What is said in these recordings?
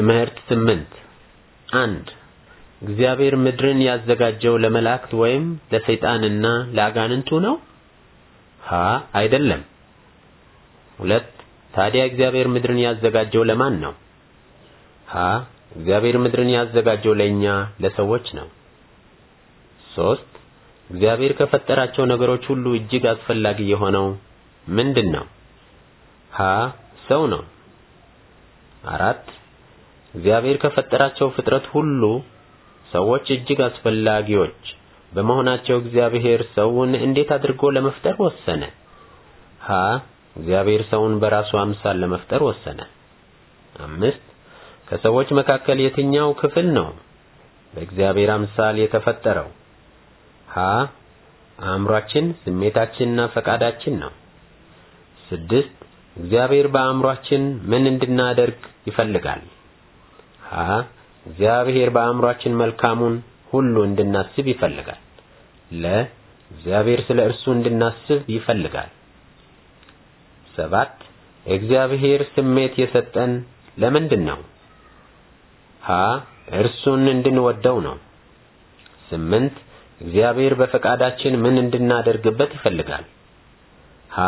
ትምህርት ስምንት አንድ እግዚአብሔር ምድርን ያዘጋጀው ለመላእክት ወይም ለሰይጣንና ለአጋንንቱ ነው? ሀ አይደለም። ሁለት ታዲያ እግዚአብሔር ምድርን ያዘጋጀው ለማን ነው? ሀ እግዚአብሔር ምድርን ያዘጋጀው ለእኛ ለሰዎች ነው። ሶስት እግዚአብሔር ከፈጠራቸው ነገሮች ሁሉ እጅግ አስፈላጊ የሆነው ምንድን ነው? ሀ ሰው ነው። አራት እግዚአብሔር ከፈጠራቸው ፍጥረት ሁሉ ሰዎች እጅግ አስፈላጊዎች በመሆናቸው እግዚአብሔር ሰውን እንዴት አድርጎ ለመፍጠር ወሰነ? ሀ እግዚአብሔር ሰውን በራሱ አምሳል ለመፍጠር ወሰነ። አምስት ከሰዎች መካከል የትኛው ክፍል ነው በእግዚአብሔር አምሳል የተፈጠረው? ሀ አእምሯችን፣ ስሜታችንና ፈቃዳችን ነው። ስድስት እግዚአብሔር በአእምሯችን ምን እንድናደርግ ይፈልጋል? ሀ እግዚአብሔር በአእምሯችን መልካሙን ሁሉ እንድናስብ ይፈልጋል። ለ እግዚአብሔር ስለ እርሱ እንድናስብ ይፈልጋል። ሰባት እግዚአብሔር ስሜት የሰጠን ለምንድን ነው? ሀ እርሱን እንድንወደው ነው። ስምንት እግዚአብሔር በፈቃዳችን ምን እንድናደርግበት ይፈልጋል? ሀ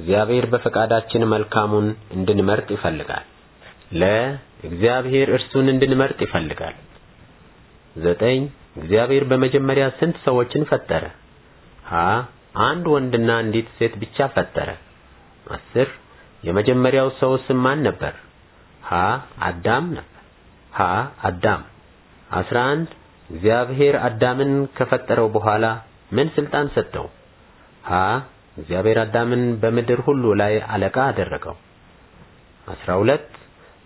እግዚአብሔር በፈቃዳችን መልካሙን እንድንመርጥ ይፈልጋል። ለእግዚአብሔር እርሱን እንድንመርጥ ይፈልጋል። ዘጠኝ እግዚአብሔር በመጀመሪያ ስንት ሰዎችን ፈጠረ? ሀ አንድ ወንድና አንዲት ሴት ብቻ ፈጠረ። አስር የመጀመሪያው ሰው ስም ማን ነበር? ሀ አዳም ነበር። ሀ አዳም። አስራ አንድ እግዚአብሔር አዳምን ከፈጠረው በኋላ ምን ስልጣን ሰጠው? ሀ እግዚአብሔር አዳምን በምድር ሁሉ ላይ አለቃ አደረገው። አስራ ሁለት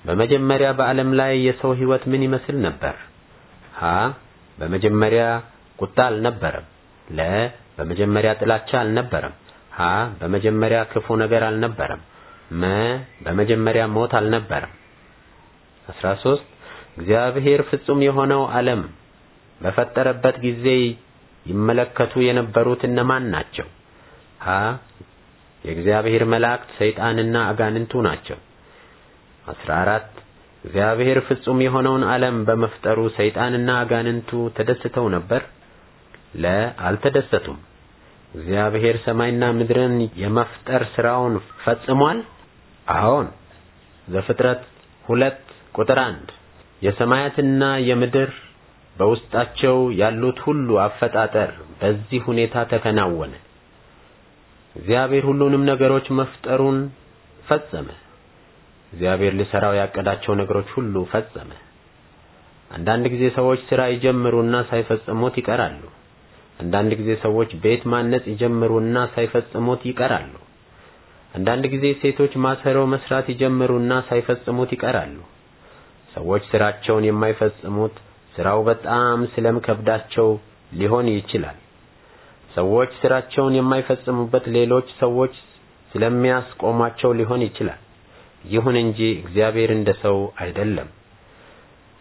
በመጀመሪያ በዓለም ላይ የሰው ህይወት ምን ይመስል ነበር? ሀ በመጀመሪያ ቁጣ አልነበረም። ለ በመጀመሪያ ጥላቻ አልነበረም። ሀ በመጀመሪያ ክፉ ነገር አልነበረም። መ በመጀመሪያ ሞት አልነበረም። 13 እግዚአብሔር ፍጹም የሆነው ዓለም በፈጠረበት ጊዜ ይመለከቱ የነበሩት እነማን ናቸው? ሀ የእግዚአብሔር መላእክት፣ ሰይጣንና አጋንንቱ ናቸው። 14 እግዚአብሔር ፍጹም የሆነውን ዓለም በመፍጠሩ ሰይጣንና አጋንንቱ ተደስተው ነበር? ለ አልተደሰቱም። እግዚአብሔር ሰማይና ምድርን የመፍጠር ሥራውን ፈጽሟል? አዎን። ዘፍጥረት ሁለት ቁጥር 1 የሰማያትና የምድር በውስጣቸው ያሉት ሁሉ አፈጣጠር በዚህ ሁኔታ ተከናወነ። እግዚአብሔር ሁሉንም ነገሮች መፍጠሩን ፈጸመ። እግዚአብሔር ሊሰራው ያቀዳቸው ነገሮች ሁሉ ፈጸመ። አንዳንድ ጊዜ ሰዎች ሥራ ይጀምሩና ሳይፈጽሙት ይቀራሉ። አንዳንድ ጊዜ ሰዎች ቤት ማነጽ ይጀምሩና ሳይፈጽሙት ይቀራሉ። አንዳንድ ጊዜ ሴቶች ማሰሮ መስራት ይጀምሩና ሳይፈጽሙት ይቀራሉ። ሰዎች ሥራቸውን የማይፈጽሙት ሥራው በጣም ስለሚከብዳቸው ሊሆን ይችላል። ሰዎች ሥራቸውን የማይፈጽሙበት ሌሎች ሰዎች ስለሚያስቆሟቸው ሊሆን ይችላል። ይሁን እንጂ እግዚአብሔር እንደ ሰው አይደለም።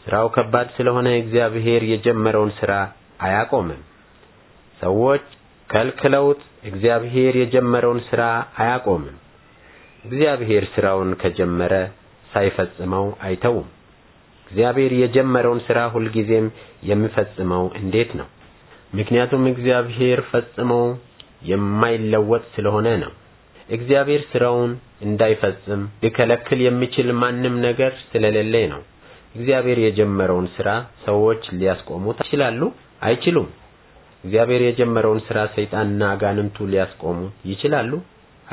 ስራው ከባድ ስለሆነ እግዚአብሔር የጀመረውን ስራ አያቆምም። ሰዎች ከልክለውት እግዚአብሔር የጀመረውን ስራ አያቆምም። እግዚአብሔር ስራውን ከጀመረ ሳይፈጽመው አይተውም። እግዚአብሔር የጀመረውን ስራ ሁልጊዜም የሚፈጽመው እንዴት ነው? ምክንያቱም እግዚአብሔር ፈጽሞ የማይለወጥ ስለሆነ ነው። እግዚአብሔር ሥራውን እንዳይፈጽም ሊከለክል የሚችል ማንም ነገር ስለሌለኝ ነው። እግዚአብሔር የጀመረውን ሥራ ሰዎች ሊያስቆሙት ይችላሉ? አይችሉም። እግዚአብሔር የጀመረውን ሥራ ሰይጣንና አጋንንቱ ሊያስቆሙት ይችላሉ?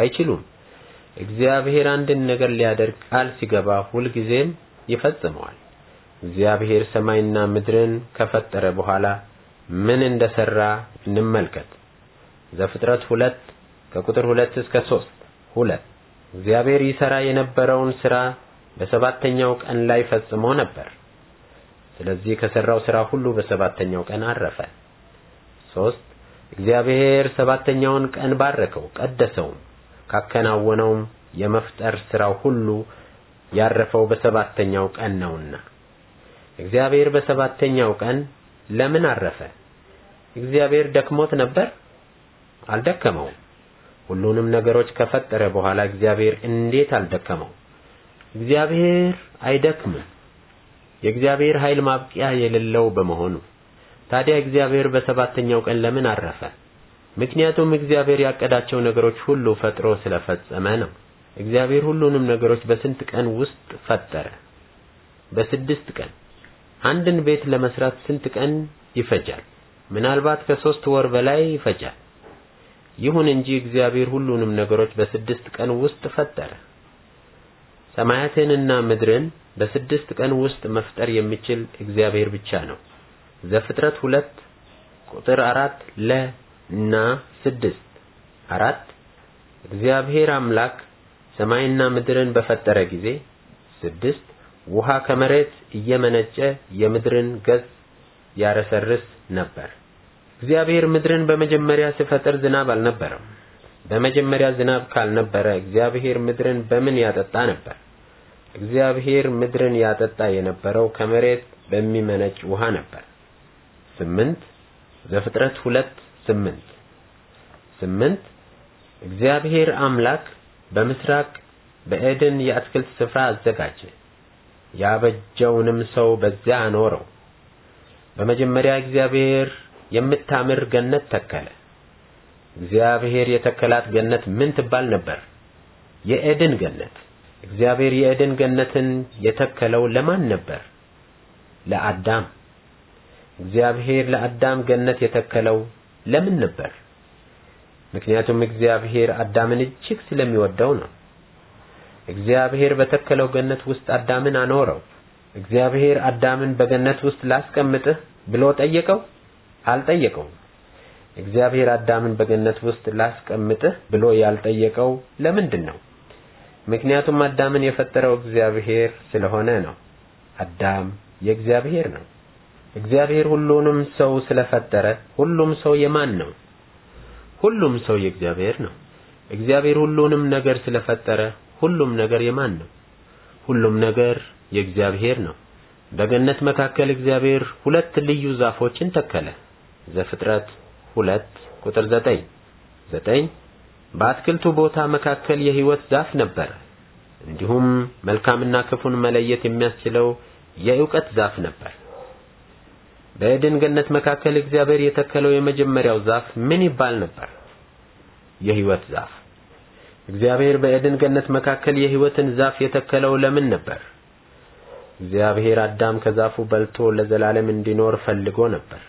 አይችሉም። እግዚአብሔር አንድን ነገር ሊያደርግ ቃል ሲገባ ሁልጊዜም ይፈጽመዋል። እግዚአብሔር ሰማይና ምድርን ከፈጠረ በኋላ ምን እንደሰራ እንመልከት። ዘፍጥረት ሁለት ከቁጥር ሁለት እስከ ሶስት ሁለት እግዚአብሔር ይሰራ የነበረውን ሥራ በሰባተኛው ቀን ላይ ፈጽሞ ነበር። ስለዚህ ከሠራው ሥራ ሁሉ በሰባተኛው ቀን አረፈ። ሶስት እግዚአብሔር ሰባተኛውን ቀን ባረከው፣ ቀደሰውም። ካከናወነውም የመፍጠር ሥራው ሁሉ ያረፈው በሰባተኛው ቀን ነውና። እግዚአብሔር በሰባተኛው ቀን ለምን አረፈ? እግዚአብሔር ደክሞት ነበር? አልደከመውም። ሁሉንም ነገሮች ከፈጠረ በኋላ እግዚአብሔር እንዴት አልደከመው? እግዚአብሔር አይደክምም። የእግዚአብሔር ኃይል ማብቂያ የሌለው በመሆኑ ታዲያ እግዚአብሔር በሰባተኛው ቀን ለምን አረፈ? ምክንያቱም እግዚአብሔር ያቀዳቸው ነገሮች ሁሉ ፈጥሮ ስለፈጸመ ነው። እግዚአብሔር ሁሉንም ነገሮች በስንት ቀን ውስጥ ፈጠረ? በስድስት ቀን። አንድን ቤት ለመስራት ስንት ቀን ይፈጃል? ምናልባት ከሶስት ወር በላይ ይፈጃል። ይሁን እንጂ እግዚአብሔር ሁሉንም ነገሮች በስድስት ቀን ውስጥ ፈጠረ። ሰማያትንና ምድርን በስድስት ቀን ውስጥ መፍጠር የሚችል እግዚአብሔር ብቻ ነው። ዘፍጥረት ሁለት ቁጥር አራት ለ እና ስድስት አራት እግዚአብሔር አምላክ ሰማይና ምድርን በፈጠረ ጊዜ ስድስት ውሃ ከመሬት እየመነጨ የምድርን ገጽ ያረሰርስ ነበር። እግዚአብሔር ምድርን በመጀመሪያ ሲፈጥር ዝናብ አልነበረም። በመጀመሪያ ዝናብ ካልነበረ እግዚአብሔር ምድርን በምን ያጠጣ ነበር? እግዚአብሔር ምድርን ያጠጣ የነበረው ከመሬት በሚመነጭ ውሃ ነበር። ስምንት ዘፍጥረት ሁለት ስምንት ስምንት እግዚአብሔር አምላክ በምስራቅ በኤደን የአትክልት ስፍራ አዘጋጀ፣ ያበጀውንም ሰው በዚያ አኖረው። በመጀመሪያ እግዚአብሔር የምታምር ገነት ተከለ። እግዚአብሔር የተከላት ገነት ምን ትባል ነበር? የኤድን ገነት። እግዚአብሔር የኤድን ገነትን የተከለው ለማን ነበር? ለአዳም። እግዚአብሔር ለአዳም ገነት የተከለው ለምን ነበር? ምክንያቱም እግዚአብሔር አዳምን እጅግ ስለሚወደው ነው። እግዚአብሔር በተከለው ገነት ውስጥ አዳምን አኖረው። እግዚአብሔር አዳምን በገነት ውስጥ ላስቀምጥህ ብሎ ጠየቀው? አልጠየቀውም። እግዚአብሔር አዳምን በገነት ውስጥ ላስቀምጥህ ብሎ ያልጠየቀው ለምንድን ነው? ምክንያቱም አዳምን የፈጠረው እግዚአብሔር ስለሆነ ነው። አዳም የእግዚአብሔር ነው። እግዚአብሔር ሁሉንም ሰው ስለፈጠረ ሁሉም ሰው የማን ነው? ሁሉም ሰው የእግዚአብሔር ነው። እግዚአብሔር ሁሉንም ነገር ስለፈጠረ ሁሉም ነገር የማን ነው? ሁሉም ነገር የእግዚአብሔር ነው። በገነት መካከል እግዚአብሔር ሁለት ልዩ ዛፎችን ተከለ። ዘፍጥረት 2 ቁጥር 9 9 በአትክልቱ ቦታ መካከል የሕይወት ዛፍ ነበር እንዲሁም መልካምና ክፉን መለየት የሚያስችለው የእውቀት ዛፍ ነበር። በኤድን ገነት መካከል እግዚአብሔር የተከለው የመጀመሪያው ዛፍ ምን ይባል ነበር? የሕይወት ዛፍ። እግዚአብሔር በኤድን ገነት መካከል የሕይወትን ዛፍ የተከለው ለምን ነበር? እግዚአብሔር አዳም ከዛፉ በልቶ ለዘላለም እንዲኖር ፈልጎ ነበር።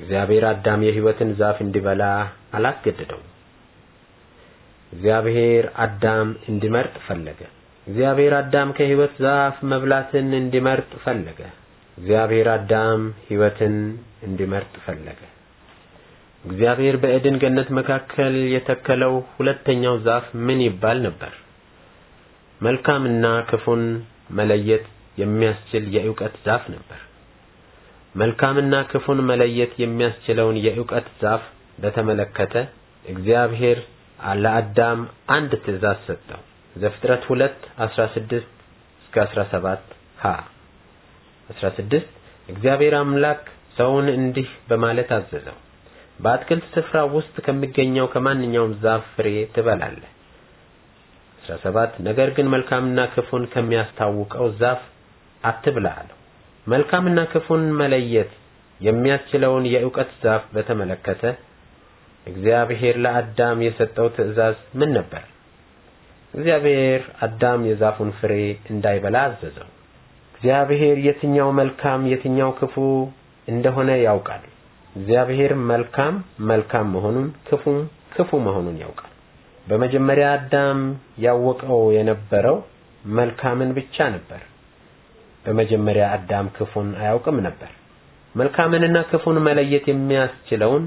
እግዚአብሔር አዳም የሕይወትን ዛፍ እንዲበላ አላስገደደው። እግዚአብሔር አዳም እንዲመርጥ ፈለገ። እግዚአብሔር አዳም ከሕይወት ዛፍ መብላትን እንዲመርጥ ፈለገ። እግዚአብሔር አዳም ሕይወትን እንዲመርጥ ፈለገ። እግዚአብሔር በኤድን ገነት መካከል የተከለው ሁለተኛው ዛፍ ምን ይባል ነበር? መልካምና ክፉን መለየት የሚያስችል የእውቀት ዛፍ ነበር። መልካምና ክፉን መለየት የሚያስችለውን የእውቀት ዛፍ በተመለከተ እግዚአብሔር ለአዳም አንድ ትእዛዝ ሰጠው። ዘፍጥረት 2 16 እስከ 17 ሀ 16 እግዚአብሔር አምላክ ሰውን እንዲህ በማለት አዘዘው፣ በአትክልት ስፍራ ውስጥ ከሚገኘው ከማንኛውም ዛፍ ፍሬ ትበላለህ። 17 ነገር ግን መልካምና ክፉን ከሚያስታውቀው ዛፍ አትብላ አለው። መልካምና ክፉን መለየት የሚያስችለውን የእውቀት ዛፍ በተመለከተ እግዚአብሔር ለአዳም የሰጠው ትእዛዝ ምን ነበር? እግዚአብሔር አዳም የዛፉን ፍሬ እንዳይበላ አዘዘው። እግዚአብሔር የትኛው መልካም የትኛው ክፉ እንደሆነ ያውቃል። እግዚአብሔር መልካም መልካም መሆኑን ክፉም ክፉ መሆኑን ያውቃል። በመጀመሪያ አዳም ያወቀው የነበረው መልካምን ብቻ ነበር። በመጀመሪያ አዳም ክፉን አያውቅም ነበር። መልካምንና ክፉን መለየት የሚያስችለውን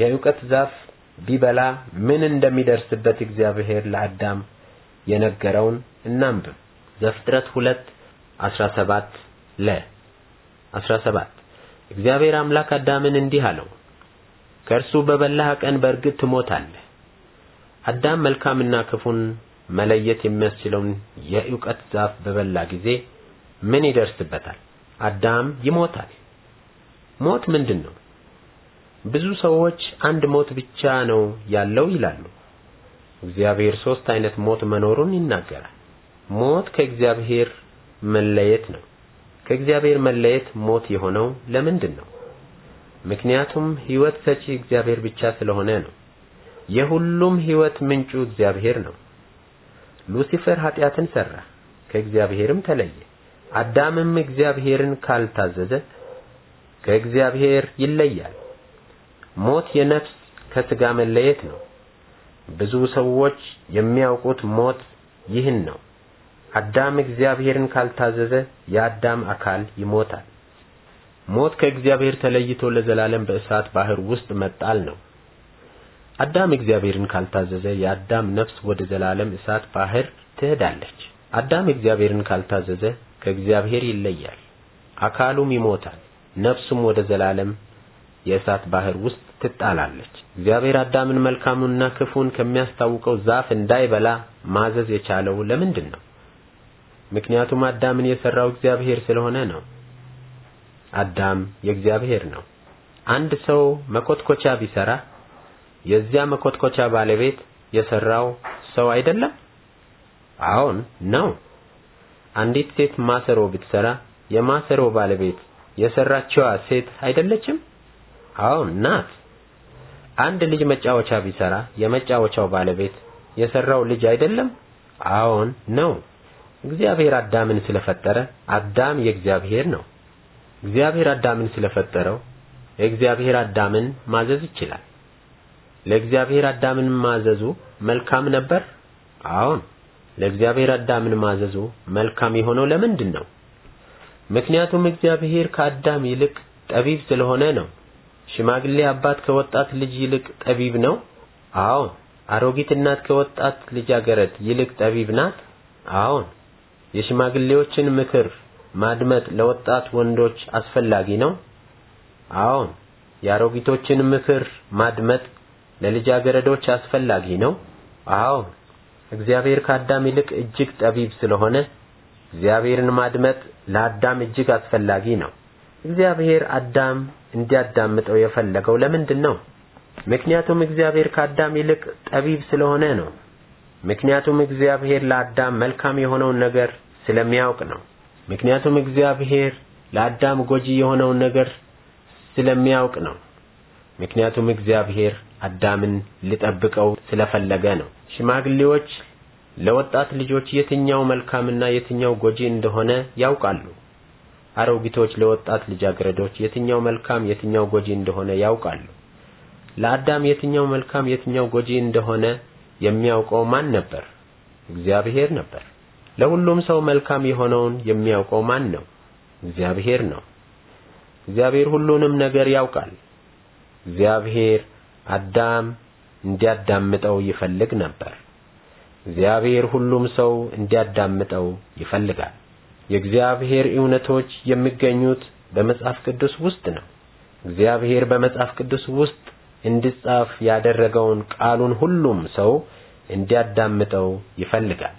የእውቀት ዛፍ ቢበላ ምን እንደሚደርስበት እግዚአብሔር ለአዳም የነገረውን እናንብብ። ዘፍጥረት 2 17 ለ 17 እግዚአብሔር አምላክ አዳምን እንዲህ አለው፣ ከእርሱ በበላህ ቀን በእርግጥ ትሞታለህ። አዳም መልካምና ክፉን መለየት የሚያስችለውን የእውቀት ዛፍ በበላ ጊዜ ምን ይደርስበታል? አዳም ይሞታል። ሞት ምንድን ነው? ብዙ ሰዎች አንድ ሞት ብቻ ነው ያለው ይላሉ። እግዚአብሔር ሶስት አይነት ሞት መኖሩን ይናገራል። ሞት ከእግዚአብሔር መለየት ነው። ከእግዚአብሔር መለየት ሞት የሆነው ለምንድን ነው? ምክንያቱም ሕይወት ሰጪ እግዚአብሔር ብቻ ስለሆነ ነው። የሁሉም ሕይወት ምንጩ እግዚአብሔር ነው። ሉሲፈር ኃጢአትን ሰራ፣ ከእግዚአብሔርም ተለየ። አዳምም እግዚአብሔርን ካልታዘዘ ከእግዚአብሔር ይለያል። ሞት የነፍስ ከስጋ መለየት ነው። ብዙ ሰዎች የሚያውቁት ሞት ይህን ነው። አዳም እግዚአብሔርን ካልታዘዘ የአዳም አካል ይሞታል። ሞት ከእግዚአብሔር ተለይቶ ለዘላለም በእሳት ባህር ውስጥ መጣል ነው። አዳም እግዚአብሔርን ካልታዘዘ የአዳም ነፍስ ወደ ዘላለም እሳት ባህር ትሄዳለች። አዳም እግዚአብሔርን ካልታዘዘ ከእግዚአብሔር ይለያል፣ አካሉም ይሞታል፣ ነፍሱም ወደ ዘላለም የእሳት ባህር ውስጥ ትጣላለች። እግዚአብሔር አዳምን መልካሙንና ክፉን ከሚያስታውቀው ዛፍ እንዳይበላ ማዘዝ የቻለው ለምንድን ነው? ምክንያቱም አዳምን የሰራው እግዚአብሔር ስለሆነ ነው። አዳም የእግዚአብሔር ነው። አንድ ሰው መኮትኮቻ ቢሰራ የዚያ መኮትኮቻ ባለቤት የሰራው ሰው አይደለም? አዎን ነው። አንዲት ሴት ማሰሮ ብትሰራ የማሰሮ ባለቤት የሰራችዋ ሴት አይደለችም? አዎን ናት። አንድ ልጅ መጫወቻ ቢሰራ የመጫወቻው ባለቤት የሰራው ልጅ አይደለም? አዎን ነው። እግዚአብሔር አዳምን ስለፈጠረ አዳም የእግዚአብሔር ነው። እግዚአብሔር አዳምን ስለፈጠረው እግዚአብሔር አዳምን ማዘዝ ይችላል። ለእግዚአብሔር አዳምን ማዘዙ መልካም ነበር? አዎን። ለእግዚአብሔር አዳምን ማዘዙ መልካም የሆነው ለምንድን ነው? ምክንያቱም እግዚአብሔር ከአዳም ይልቅ ጠቢብ ስለሆነ ነው። ሽማግሌ አባት ከወጣት ልጅ ይልቅ ጠቢብ ነው? አዎን። አሮጊት እናት ከወጣት ልጃገረድ ይልቅ ጠቢብ ናት? አዎን። የሽማግሌዎችን ምክር ማድመጥ ለወጣት ወንዶች አስፈላጊ ነው? አዎን። የአሮጊቶችን ምክር ማድመጥ ለልጃገረዶች አስፈላጊ ነው? አዎን። እግዚአብሔር ከአዳም ይልቅ እጅግ ጠቢብ ስለሆነ እግዚአብሔርን ማድመጥ ለአዳም እጅግ አስፈላጊ ነው። እግዚአብሔር አዳም እንዲያዳምጠው የፈለገው ለምንድን ነው? ምክንያቱም እግዚአብሔር ከአዳም ይልቅ ጠቢብ ስለሆነ ነው። ምክንያቱም እግዚአብሔር ለአዳም መልካም የሆነውን ነገር ስለሚያውቅ ነው። ምክንያቱም እግዚአብሔር ለአዳም ጎጂ የሆነውን ነገር ስለሚያውቅ ነው። ምክንያቱም እግዚአብሔር አዳምን ሊጠብቀው ስለፈለገ ነው። ሽማግሌዎች ለወጣት ልጆች የትኛው መልካምና የትኛው ጎጂ እንደሆነ ያውቃሉ። አሮጊቶች ለወጣት ልጃገረዶች የትኛው መልካም የትኛው ጎጂ እንደሆነ ያውቃሉ። ለአዳም የትኛው መልካም የትኛው ጎጂ እንደሆነ የሚያውቀው ማን ነበር? እግዚአብሔር ነበር። ለሁሉም ሰው መልካም የሆነውን የሚያውቀው ማን ነው? እግዚአብሔር ነው። እግዚአብሔር ሁሉንም ነገር ያውቃል። እግዚአብሔር አዳም እንዲያዳምጠው ይፈልግ ነበር። እግዚአብሔር ሁሉም ሰው እንዲያዳምጠው ይፈልጋል። የእግዚአብሔር እውነቶች የሚገኙት በመጽሐፍ ቅዱስ ውስጥ ነው። እግዚአብሔር በመጽሐፍ ቅዱስ ውስጥ እንዲጻፍ ያደረገውን ቃሉን ሁሉም ሰው እንዲያዳምጠው ይፈልጋል።